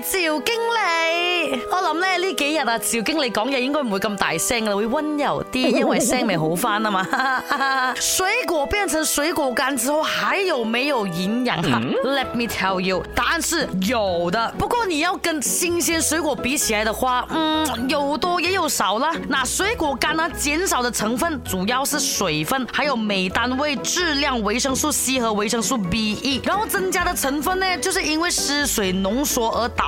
趙經理，我諗咧呢幾日啊，趙經理講嘢應該唔會咁大聲啦，會溫柔啲，因為聲未好返啊嘛。 水果變成水果乾之後，還有沒有營養啊？Let me tell you，答案是有的，不過你要跟新鮮水果比起來的話，嗯，有多也有少啦。那水果乾呢，減少的成分主要是水分，還有每單位質量維生素 C 和維生素 B E，然後增加的成分呢，就是因為失水濃縮而導。